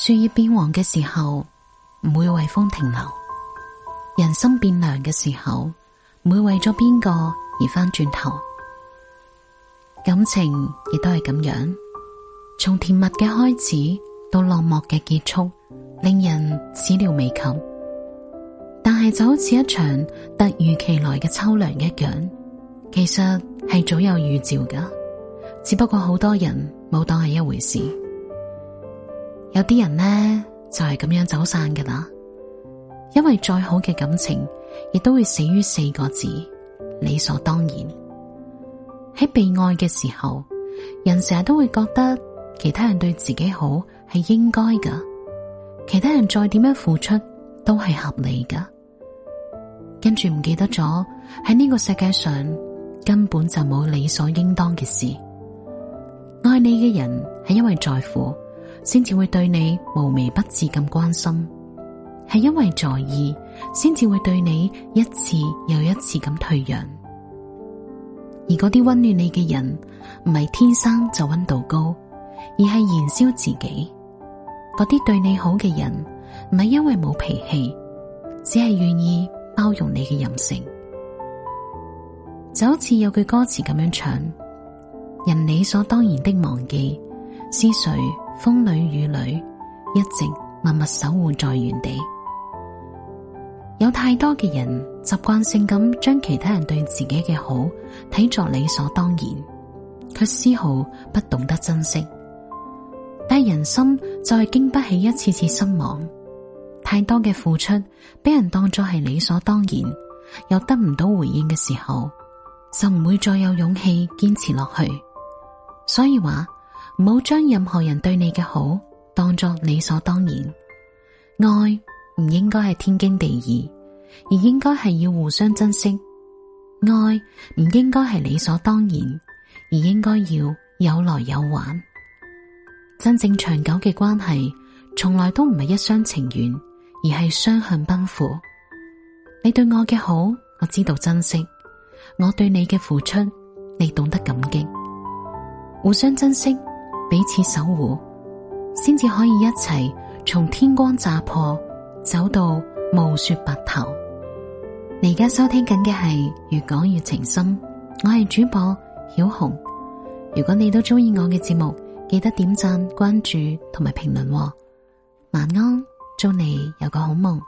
樹葉變黃嘅時候，唔會為風停留；人心變涼嘅時候，唔會為咗邊個而翻轉頭。感情亦都係咁樣，從甜蜜嘅開始到落寞嘅結束，令人始料未及。但係就好似一場突如其來嘅秋涼一樣，其實係早有預兆噶，只不過好多人冇當係一回事。有啲人呢，就係咁樣走散噶啦，因為再好嘅感情亦都會死於四個字，理所當然。喺被愛嘅時候，人成日都會覺得其他人對自己好係應該噶，其他人再點樣付出都係合理噶。跟住唔記得咗喺呢個世界上根本就冇理所應當嘅事，愛你嘅人係因為在乎，先至會對你無微不至咁關心，係因為在意，先至會對你一次又一次咁退讓。而嗰啲溫暖你嘅人唔係天生就溫度高，而係燃燒自己。嗰啲對你好嘅人唔係因為冇脾氣，只係願意包容你嘅任性。就好似有句歌詞咁樣唱：人理所當然的忘記，是誰。風裏雨裏，一直默默守護在原地。有太多嘅人習慣性咁將其他人對自己嘅好睇作理所當然，卻絲毫不懂得珍惜。但係人心再經不起一次次失望，太多嘅付出俾人當作係理所當然，又得唔到回應嘅時候，就唔會再有勇氣堅持落去。所以話。唔好將任何人對你嘅好當作理所當然，愛唔應該係天經地義，而應該係要互相珍惜。愛唔應該係理所當然，而應該要有來有往。真正長久嘅關係，從來都唔係一廂情願，而係雙向奔赴。你對我嘅好，我知道珍惜；我對你嘅付出，你懂得感激。互相珍惜。彼此守護，先至可以一齊從天光乍破，走到暮雪白頭。你而家收聽緊嘅係越講越情深，我係主播曉紅。如果你都中意我嘅節目，記得點讚、關注同埋評論、哦。晚安，祝你有個好夢。